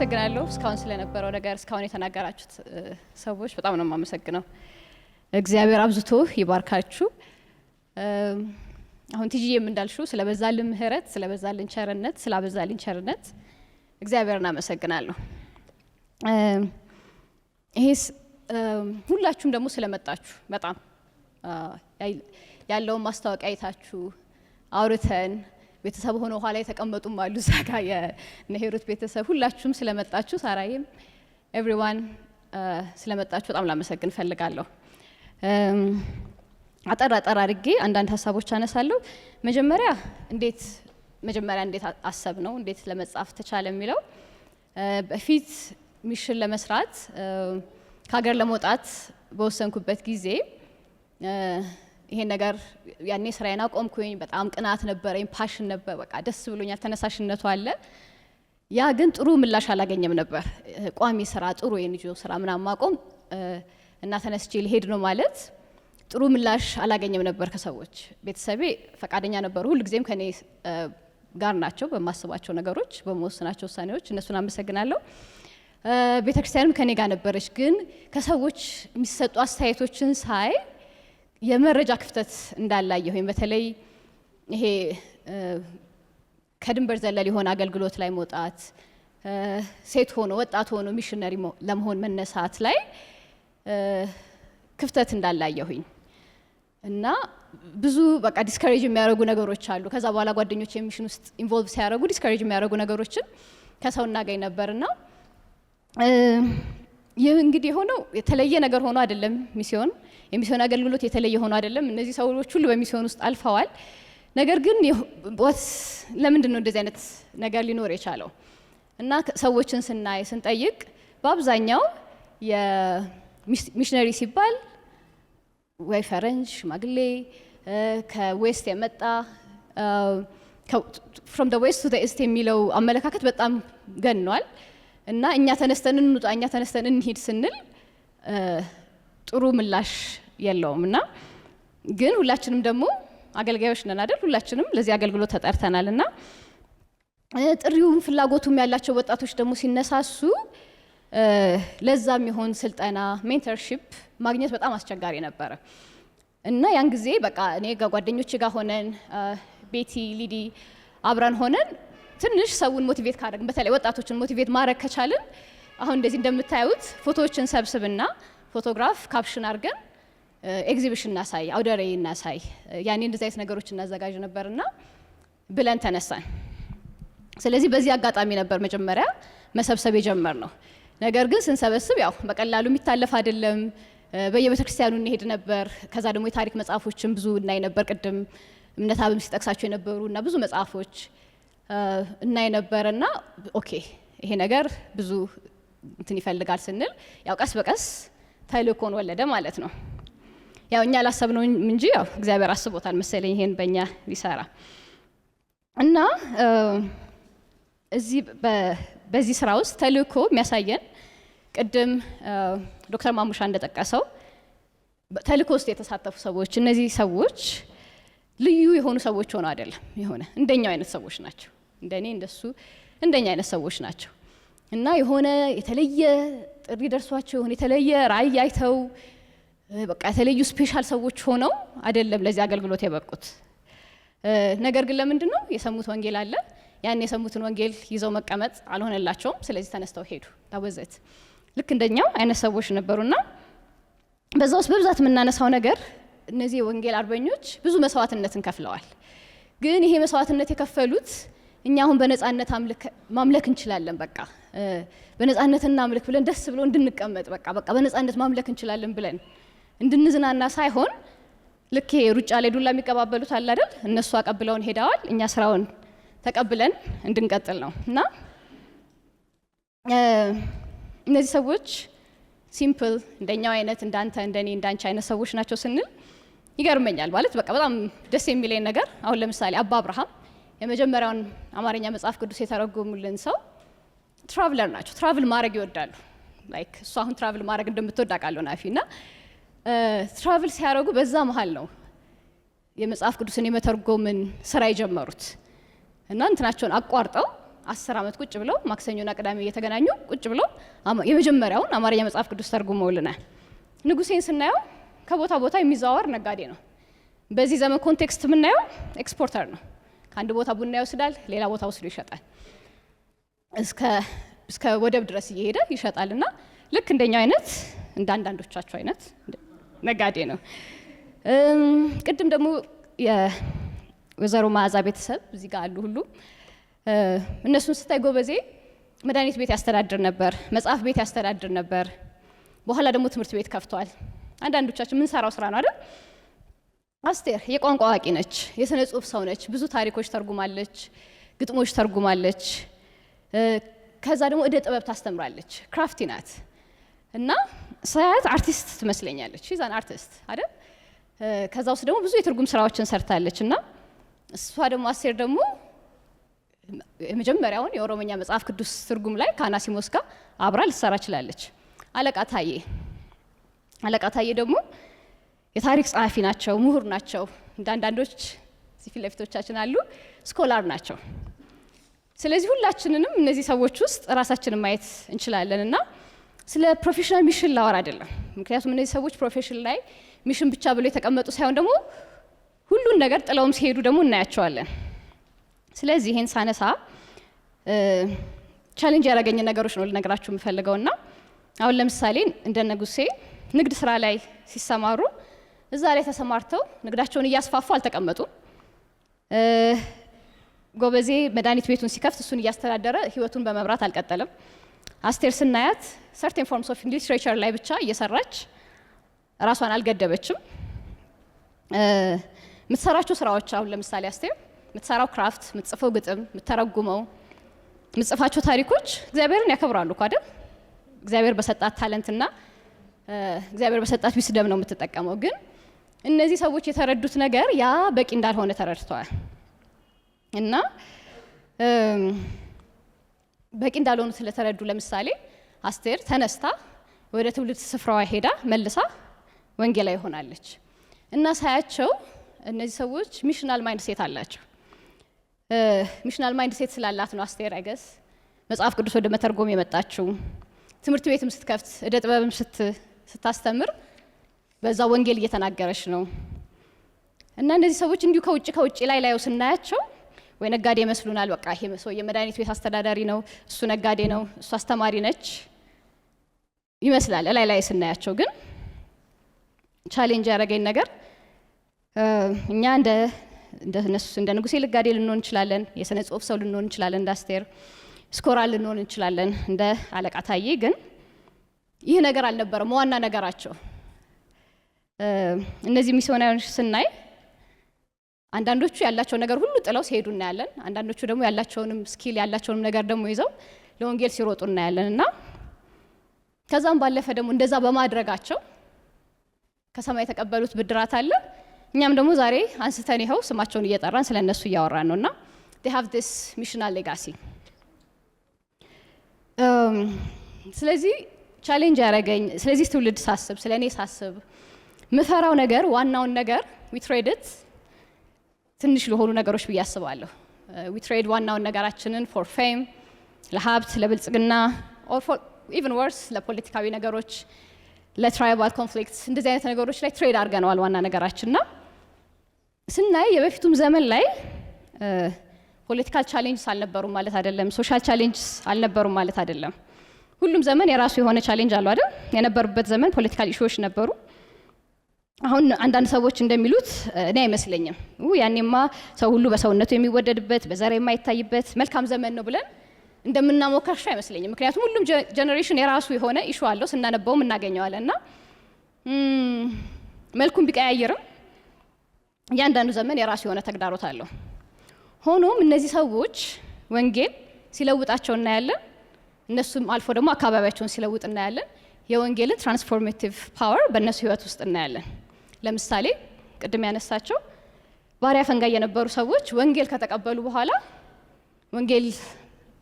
አመሰግናለሁ። እስካሁን ስለነበረው ነገር እስካሁን የተናገራችሁት ሰዎች በጣም ነው የማመሰግነው። እግዚአብሔር አብዝቶ ይባርካችሁ። አሁን ቲጂዬም እንዳልሽው ስለበዛልን ምህረት ስለበዛልን ቸርነት፣ ስላበዛልን ቸርነት እግዚአብሔርን አመሰግናለሁ። ይህስ ሁላችሁም ደግሞ ስለመጣችሁ በጣም ያለውን ማስታወቂያ አይታችሁ አውርተን ቤተሰብ ሆኖ ኋላ የተቀመጡም አሉ። እዛ ጋ የነሄሩት ቤተሰብ ሁላችሁም ስለመጣችሁ፣ ሳራይም ኤቭሪዋን ስለመጣችሁ በጣም ላመሰግን ፈልጋለሁ። አጠር አጠር አድርጌ አንዳንድ ሀሳቦች አነሳለሁ። መጀመሪያ እንዴት መጀመሪያ እንዴት አሰብ ነው እንዴት ለመጻፍ ተቻለ የሚለው በፊት ሚሽን ለመስራት ከሀገር ለመውጣት በወሰንኩበት ጊዜ ይሄን ነገር ያኔ ስራዬን አቆምኩኝ። በጣም ቅናት ነበረኝ፣ ፓሽን ነበር፣ በቃ ደስ ብሎኛል፣ ተነሳሽነቱ አለ። ያ ግን ጥሩ ምላሽ አላገኘም ነበር። ቋሚ ስራ ጥሩ የንጆ ስራ ምናምን ማቆም እና ተነስቼ ሊሄድ ነው ማለት ጥሩ ምላሽ አላገኘም ነበር ከሰዎች። ቤተሰቤ ፈቃደኛ ነበሩ፣ ሁልጊዜም ከኔ ጋር ናቸው በማስባቸው ነገሮች፣ በመወስናቸው ውሳኔዎች። እነሱን አመሰግናለሁ። ቤተክርስቲያንም ከኔ ጋር ነበረች። ግን ከሰዎች የሚሰጡ አስተያየቶችን ሳይ የመረጃ ክፍተት እንዳላየሁኝ በተለይ ይሄ ከድንበር ዘለል የሆነ አገልግሎት ላይ መውጣት ሴት ሆኖ ወጣት ሆኖ ሚሽነሪ ለመሆን መነሳት ላይ ክፍተት እንዳላየሁኝ እና ብዙ በቃ ዲስከሬጅ የሚያደርጉ ነገሮች አሉ። ከዛ በኋላ ጓደኞች የሚሽን ውስጥ ኢንቮልቭ ሲያደርጉ ዲስከሬጅ የሚያደርጉ ነገሮችን ከሰው እናገኝ ነበርና ይህ እንግዲህ የሆነው የተለየ ነገር ሆኖ አይደለም። ሚስዮን የሚስዮን አገልግሎት የተለየ ሆኖ አይደለም። እነዚህ ሰዎች ሁሉ በሚስዮን ውስጥ አልፈዋል። ነገር ግን ቦት ለምንድን ነው እንደዚህ አይነት ነገር ሊኖር የቻለው እና ሰዎችን ስናይ ስንጠይቅ በአብዛኛው የሚሽነሪ ሲባል ወይ ፈረንጅ ሽማግሌ ከዌስት የመጣ ፍሮም ዌስት ቱ ኢስት የሚለው አመለካከት በጣም ገኗል። እና እኛ ተነስተን እንውጣ፣ እኛ ተነስተን እንሂድ ስንል ጥሩ ምላሽ የለውም። እና ግን ሁላችንም ደግሞ አገልጋዮች ነን አይደል? ሁላችንም ለዚህ አገልግሎት ተጠርተናል። እና ጥሪውም ፍላጎቱም ያላቸው ወጣቶች ደግሞ ሲነሳሱ ለዛ የሚሆን ስልጠና ሜንተርሺፕ ማግኘት በጣም አስቸጋሪ ነበረ። እና ያን ጊዜ በቃ እኔ ጓደኞች ጋር ሆነን ቤቲ፣ ሊዲ አብረን ሆነን ትንሽ ሰውን ሞቲቬት ካደረግን በተለይ ወጣቶችን ሞቲቬት ማድረግ ከቻልን አሁን እንደዚህ እንደምታዩት ፎቶዎችን ሰብስብና ፎቶግራፍ ካፕሽን አድርገን ኤግዚቢሽን እናሳይ፣ አውደ ርዕይ እናሳይ፣ ያኔ እንደዚህ አይነት ነገሮች እናዘጋጅ ነበርና ብለን ተነሳን። ስለዚህ በዚህ አጋጣሚ ነበር መጀመሪያ መሰብሰብ የጀመር ነው። ነገር ግን ስንሰበስብ ያው በቀላሉ የሚታለፍ አይደለም። በየቤተ ክርስቲያኑ እንሄድ ነበር። ከዛ ደግሞ የታሪክ መጽሐፎችን ብዙ እናይ ነበር። ቅድም እምነት አብም ሲጠቅሳቸው የነበሩ እና ብዙ መጽሐፎች የነበረ ና ኦኬ ይሄ ነገር ብዙ እንትን ይፈልጋል ስንል ያው ቀስ በቀስ ተልእኮን ወለደ ማለት ነው። ያው እኛ ነው እንጂ ያው እግዚአብሔር አስቦታል መሰለኝ ይሄን በእኛ ሊሰራ እና እዚህ በዚህ ስራ ውስጥ ተልእኮ የሚያሳየን ቅድም ዶክተር ማሙሻ እንደጠቀሰው ተልእኮ ውስጥ የተሳተፉ ሰዎች እነዚህ ሰዎች ልዩ የሆኑ ሰዎች ሆነው አይደለም የሆነ እንደኛው አይነት ሰዎች ናቸው። እንደኔ እንደሱ እንደኛ አይነት ሰዎች ናቸው እና የሆነ የተለየ ጥሪ ደርሷቸው የሆነ የተለየ ራዕይ አይተው በቃ የተለዩ ስፔሻል ሰዎች ሆነው አይደለም ለዚህ አገልግሎት የበቁት። ነገር ግን ለምንድን ነው የሰሙት ወንጌል አለ። ያን የሰሙትን ወንጌል ይዘው መቀመጥ አልሆነላቸውም። ስለዚህ ተነስተው ሄዱ። ታወዘት ልክ እንደኛው አይነት ሰዎች ነበሩና በዛ ውስጥ በብዛት የምናነሳው ነገር እነዚህ የወንጌል አርበኞች ብዙ መስዋዕትነትን ከፍለዋል። ግን ይሄ መስዋዕትነት የከፈሉት እኛ አሁን በነጻነት ማምለክ እንችላለን። በቃ በነጻነት እናምልክ ብለን ደስ ብሎ እንድንቀመጥ በቃ በቃ በነጻነት ማምለክ እንችላለን ብለን እንድንዝናና ሳይሆን ልክ ሩጫ ላይ ዱላ የሚቀባበሉት አለ አይደል? እነሱ አቀብለውን ሄደዋል። እኛ ስራውን ተቀብለን እንድንቀጥል ነው እና እነዚህ ሰዎች ሲምፕል እንደኛው አይነት እንዳንተ እንደኔ እንዳንቺ አይነት ሰዎች ናቸው ስንል ይገርመኛል። ማለት በቃ በጣም ደስ የሚለኝ ነገር አሁን ለምሳሌ አባ አብርሃም የመጀመሪያውን አማርኛ መጽሐፍ ቅዱስ የተረጎሙልን ሰው ትራቭለር ናቸው። ትራቭል ማድረግ ይወዳሉ። ላይክ እሱ አሁን ትራቭል ማድረግ እንደምትወድ አውቃለሁ ናፊ እና ትራቭል ሲያደርጉ በዛ መሀል ነው የመጽሐፍ ቅዱስን የመተርጎምን ስራ የጀመሩት እና እንትናቸውን አቋርጠው አስር ዓመት ቁጭ ብለው ማክሰኞና ቅዳሜ እየተገናኙ ቁጭ ብለው የመጀመሪያውን አማርኛ መጽሐፍ ቅዱስ ተርጉመውልናል። ንጉሴን ስናየው ከቦታ ቦታ የሚዘዋወር ነጋዴ ነው። በዚህ ዘመን ኮንቴክስት የምናየው ኤክስፖርተር ነው። ከአንድ ቦታ ቡና ይወስዳል፣ ሌላ ቦታ ወስዶ ይሸጣል። እስከ ወደብ ድረስ እየሄደ ይሸጣል። እና ልክ እንደኛ አይነት እንደ አንዳንዶቻቸው አይነት ነጋዴ ነው። ቅድም ደግሞ የወይዘሮ መዓዛ ቤተሰብ እዚህ ጋር አሉ ሁሉ እነሱን ስታይ ጎበዜ መድኃኒት ቤት ያስተዳድር ነበር፣ መጽሐፍ ቤት ያስተዳድር ነበር። በኋላ ደግሞ ትምህርት ቤት ከፍቷል። አንዳንዶቻችን ምን ሰራው ስራ ነው አይደል? አስቴር የቋንቋ አዋቂ ነች። የስነ ጽሁፍ ሰው ነች። ብዙ ታሪኮች ተርጉማለች፣ ግጥሞች ተርጉማለች። ከዛ ደግሞ እደ ጥበብ ታስተምራለች። ክራፍቲ ናት እና ሳያት አርቲስት ትመስለኛለች። ዛን አርቲስት አይደል? ከዛ ውስጥ ደግሞ ብዙ የትርጉም ስራዎችን ሰርታለች እና እሷ ደግሞ አስቴር ደግሞ የመጀመሪያውን የኦሮሞኛ መጽሐፍ ቅዱስ ትርጉም ላይ ከአናሲሞስ ጋር አብራ ልትሰራ ችላለች። አለቃ ታዬ አለቃ ታዬ ደግሞ የታሪክ ጸሐፊ ናቸው፣ ምሁር ናቸው። እንዳንዳንዶች እዚህ ፊት ለፊቶቻችን አሉ፣ ስኮላር ናቸው። ስለዚህ ሁላችንንም እነዚህ ሰዎች ውስጥ ራሳችንን ማየት እንችላለን እና ስለ ፕሮፌሽናል ሚሽን ላወር አይደለም። ምክንያቱም እነዚህ ሰዎች ፕሮፌሽን ላይ ሚሽን ብቻ ብሎ የተቀመጡ ሳይሆን ደግሞ ሁሉን ነገር ጥለውም ሲሄዱ ደግሞ እናያቸዋለን። ስለዚህ ይሄን ሳነሳ ቻሌንጅ ያደረገኝ ነገሮች ነው ልነግራችሁ የምፈልገው እና አሁን ለምሳሌ እንደ ንጉሴ ንግድ ስራ ላይ ሲሰማሩ እዛ ላይ ተሰማርተው ንግዳቸውን እያስፋፉ አልተቀመጡም። ጎበዜ መድኃኒት ቤቱን ሲከፍት እሱን እያስተዳደረ ህይወቱን በመብራት አልቀጠለም። አስቴር ስናያት ሰርቴን ፎርምስ ኦፍ ሊትሬቸር ላይ ብቻ እየሰራች ራሷን አልገደበችም። የምትሰራቸው ስራዎች አሁን ለምሳሌ አስቴር የምትሰራው ክራፍት፣ የምትጽፈው ግጥም፣ የምትተረጉመው፣ የምትጽፋቸው ታሪኮች እግዚአብሔርን ያከብራሉ እኮ አይደል? እግዚአብሔር በሰጣት ታለንትና እግዚአብሔር በሰጣት ዊስደም ነው የምትጠቀመው ግን እነዚህ ሰዎች የተረዱት ነገር ያ በቂ እንዳልሆነ ተረድተዋል እና በቂ እንዳልሆኑ ስለተረዱ ለምሳሌ አስቴር ተነስታ ወደ ትውልድ ስፍራዋ ሄዳ መልሳ ወንጌላ ሆናለች እና ሳያቸው እነዚህ ሰዎች ሚሽናል ማይንድ ሴት አላቸው። ሚሽናል ማይንድ ሴት ስላላት ነው አስቴር አይገስ መጽሐፍ ቅዱስ ወደ መተርጎም የመጣችው። ትምህርት ቤትም ስትከፍት እደ ጥበብም ስታስተምር በዛ ወንጌል እየተናገረች ነው። እና እነዚህ ሰዎች እንዲሁ ከውጭ ከውጭ ላይ ላየው ስናያቸው ወይ ነጋዴ ይመስሉናል። በቃ ይሄ ሰው የመድኃኒት ቤት አስተዳዳሪ ነው፣ እሱ ነጋዴ ነው፣ እሱ አስተማሪ ነች ይመስላል እላይ ላይ ስናያቸው። ግን ቻሌንጅ ያደረገኝ ነገር እኛ እንደ እንደ ንጉሴ ልጋዴ ልንሆን እንችላለን፣ የስነ ጽሁፍ ሰው ልንሆን እንችላለን፣ እንደ አስቴር ስኮራል ልንሆን እንችላለን፣ እንደ አለቃ ታዬ። ግን ይህ ነገር አልነበረም ዋና ነገራቸው። እነዚህ ሚስዮናውያን ስናይ አንዳንዶቹ ያላቸውን ነገር ሁሉ ጥለው ሲሄዱ እናያለን። አንዳንዶቹ ደግሞ ያላቸውንም ስኪል ያላቸውንም ነገር ደግሞ ይዘው ለወንጌል ሲሮጡ እናያለን እና ከዛም ባለፈ ደግሞ እንደዛ በማድረጋቸው ከሰማይ የተቀበሉት ብድራት አለ። እኛም ደግሞ ዛሬ አንስተን ይኸው ስማቸውን እየጠራን ስለ እነሱ እያወራን ነው እና ሃቭ ዲስ ሚሽናል ሌጋሲ። ስለዚህ ቻሌንጅ ያደረገኝ ስለዚህ ትውልድ ሳስብ ስለ እኔ ሳስብ ምፈራው ነገር ዋናውን ነገር ዊትሬድት ትንሽ ለሆኑ ነገሮች ብዬ አስባለሁ። ዊትሬድ uh, ዋናውን ነገራችንን ፎር ፌም፣ ለሀብት፣ ለብልጽግና ኢቨን ወርስ ለፖለቲካዊ ነገሮች፣ ለትራይባል ኮንፍሊክት እንደዚህ አይነት ነገሮች ላይ ትሬድ አድርገነዋል ዋና ና ስናይ የበፊቱም ዘመን ላይ uh, ፖለቲካል ቻሌንጅስ አልነበሩም ማለት አይደለም። ሶሻል ቻሌንጅስ አልነበሩም ማለት አይደለም። ሁሉም ዘመን የራሱ የሆነ ቻሌንጅ አሉ አይደል? የነበሩበት ዘመን ፖለቲካል ኢሹዎች ነበሩ። አሁን አንዳንድ ሰዎች እንደሚሉት እኔ አይመስለኝም፣ ያኔማ ሰው ሁሉ በሰውነቱ የሚወደድበት በዘር የማይታይበት መልካም ዘመን ነው ብለን እንደምናሞካሽ አይመስለኝም። ምክንያቱም ሁሉም ጀኔሬሽን የራሱ የሆነ ኢሹ አለው፣ ስናነበውም እናገኘዋለን እና መልኩን ቢቀያየርም እያንዳንዱ ዘመን የራሱ የሆነ ተግዳሮት አለው። ሆኖም እነዚህ ሰዎች ወንጌል ሲለውጣቸው እናያለን። እነሱም አልፎ ደግሞ አካባቢያቸውን ሲለውጥ እናያለን። የወንጌልን ትራንስፎርሜቲቭ ፓወር በእነሱ ህይወት ውስጥ እናያለን። ለምሳሌ ቅድም ያነሳቸው ባሪያ ፈንጋይ የነበሩ ሰዎች ወንጌል ከተቀበሉ በኋላ ወንጌል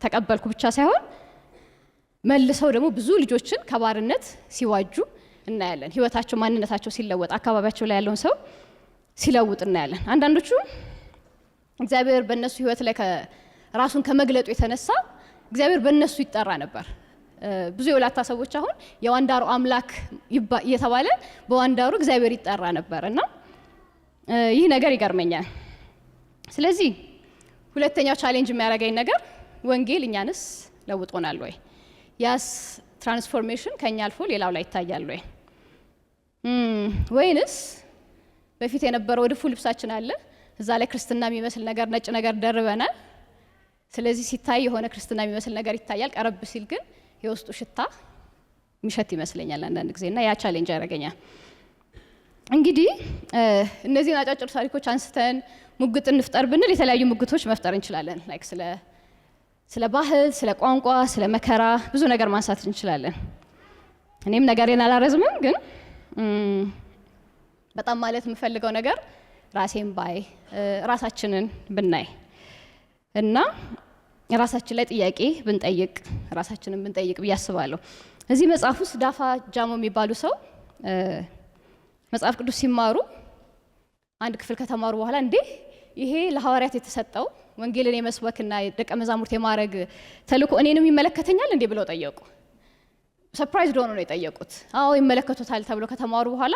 ተቀበልኩ ብቻ ሳይሆን መልሰው ደግሞ ብዙ ልጆችን ከባርነት ሲዋጁ እናያለን። ህይወታቸው፣ ማንነታቸው ሲለወጥ አካባቢያቸው ላይ ያለውን ሰው ሲለውጥ እናያለን። አንዳንዶቹ እግዚአብሔር በእነሱ ህይወት ላይ ራሱን ከመግለጡ የተነሳ እግዚአብሔር በእነሱ ይጠራ ነበር። ብዙ የወላታ ሰዎች አሁን የዋንዳሩ አምላክ እየተባለ በዋንዳሩ እግዚአብሔር ይጠራ ነበር እና ይህ ነገር ይገርመኛል። ስለዚህ ሁለተኛው ቻሌንጅ የሚያደርገኝ ነገር ወንጌል እኛንስ ለውጦናል ወይ? ያስ ትራንስፎርሜሽን ከኛ አልፎ ሌላው ላይ ይታያል ወይ? ወይንስ በፊት የነበረው ወድፉ ልብሳችን አለ፣ እዛ ላይ ክርስትና የሚመስል ነገር ነጭ ነገር ደርበናል። ስለዚህ ሲታይ የሆነ ክርስትና የሚመስል ነገር ይታያል። ቀረብ ሲል ግን የውስጡ ሽታ ሚሸት ይመስለኛል አንዳንድ ጊዜ እና ያ ቻሌንጅ ያደረገኛል። እንግዲህ እነዚህን አጫጭር ታሪኮች አንስተን ሙግት እንፍጠር ብንል የተለያዩ ሙግቶች መፍጠር እንችላለን። ላይክ ስለ ስለ ባህል፣ ስለ ቋንቋ፣ ስለ መከራ ብዙ ነገር ማንሳት እንችላለን። እኔም ነገሬን አላረዝምም፣ ግን በጣም ማለት የምፈልገው ነገር ራሴን ባይ ራሳችንን ብናይ እና ራሳችን ላይ ጥያቄ ብንጠይቅ ራሳችንን ብንጠይቅ ብዬ አስባለሁ። እዚህ መጽሐፍ ውስጥ ዳፋ ጃሞ የሚባሉ ሰው መጽሐፍ ቅዱስ ሲማሩ አንድ ክፍል ከተማሩ በኋላ እንዴ ይሄ ለሐዋርያት የተሰጠው ወንጌልን የመስበክና ደቀ መዛሙርት የማድረግ ተልእኮ እኔንም ይመለከተኛል እንዴ ብለው ጠየቁ። ሰርፕራይዝ ደሆኑ ነው የጠየቁት። አዎ ይመለከቱታል ተብሎ ከተማሩ በኋላ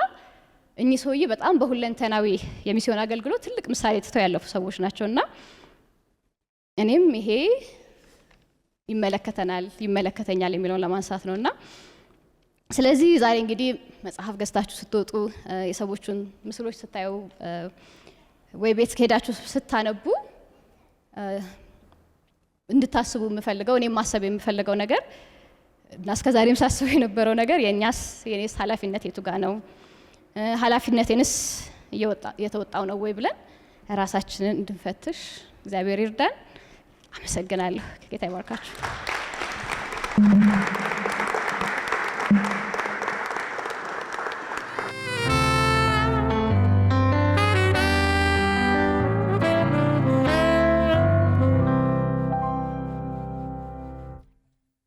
እኚህ ሰውዬ በጣም በሁለንተናዊ የሚስዮን አገልግሎት ትልቅ ምሳሌ ትተው ያለፉ ሰዎች ናቸው እና እኔም ይሄ ይመለከተናል ይመለከተኛል የሚለውን ለማንሳት ነው እና ስለዚህ ዛሬ እንግዲህ መጽሐፍ ገዝታችሁ ስትወጡ የሰዎቹን ምስሎች ስታዩ ወይ ቤት ከሄዳችሁ ስታነቡ እንድታስቡ የምፈልገው እኔም ማሰብ የምፈልገው ነገር እና እስከ ዛሬም ሳስበው የነበረው ነገር የእኛስ የኔስ ኃላፊነት የቱ ጋ ነው? ኃላፊነቴንስ እየተወጣው ነው ወይ ብለን ራሳችንን እንድንፈትሽ እግዚአብሔር ይርዳን። አመሰግናለሁ። ከጌታ ይባርካችሁ።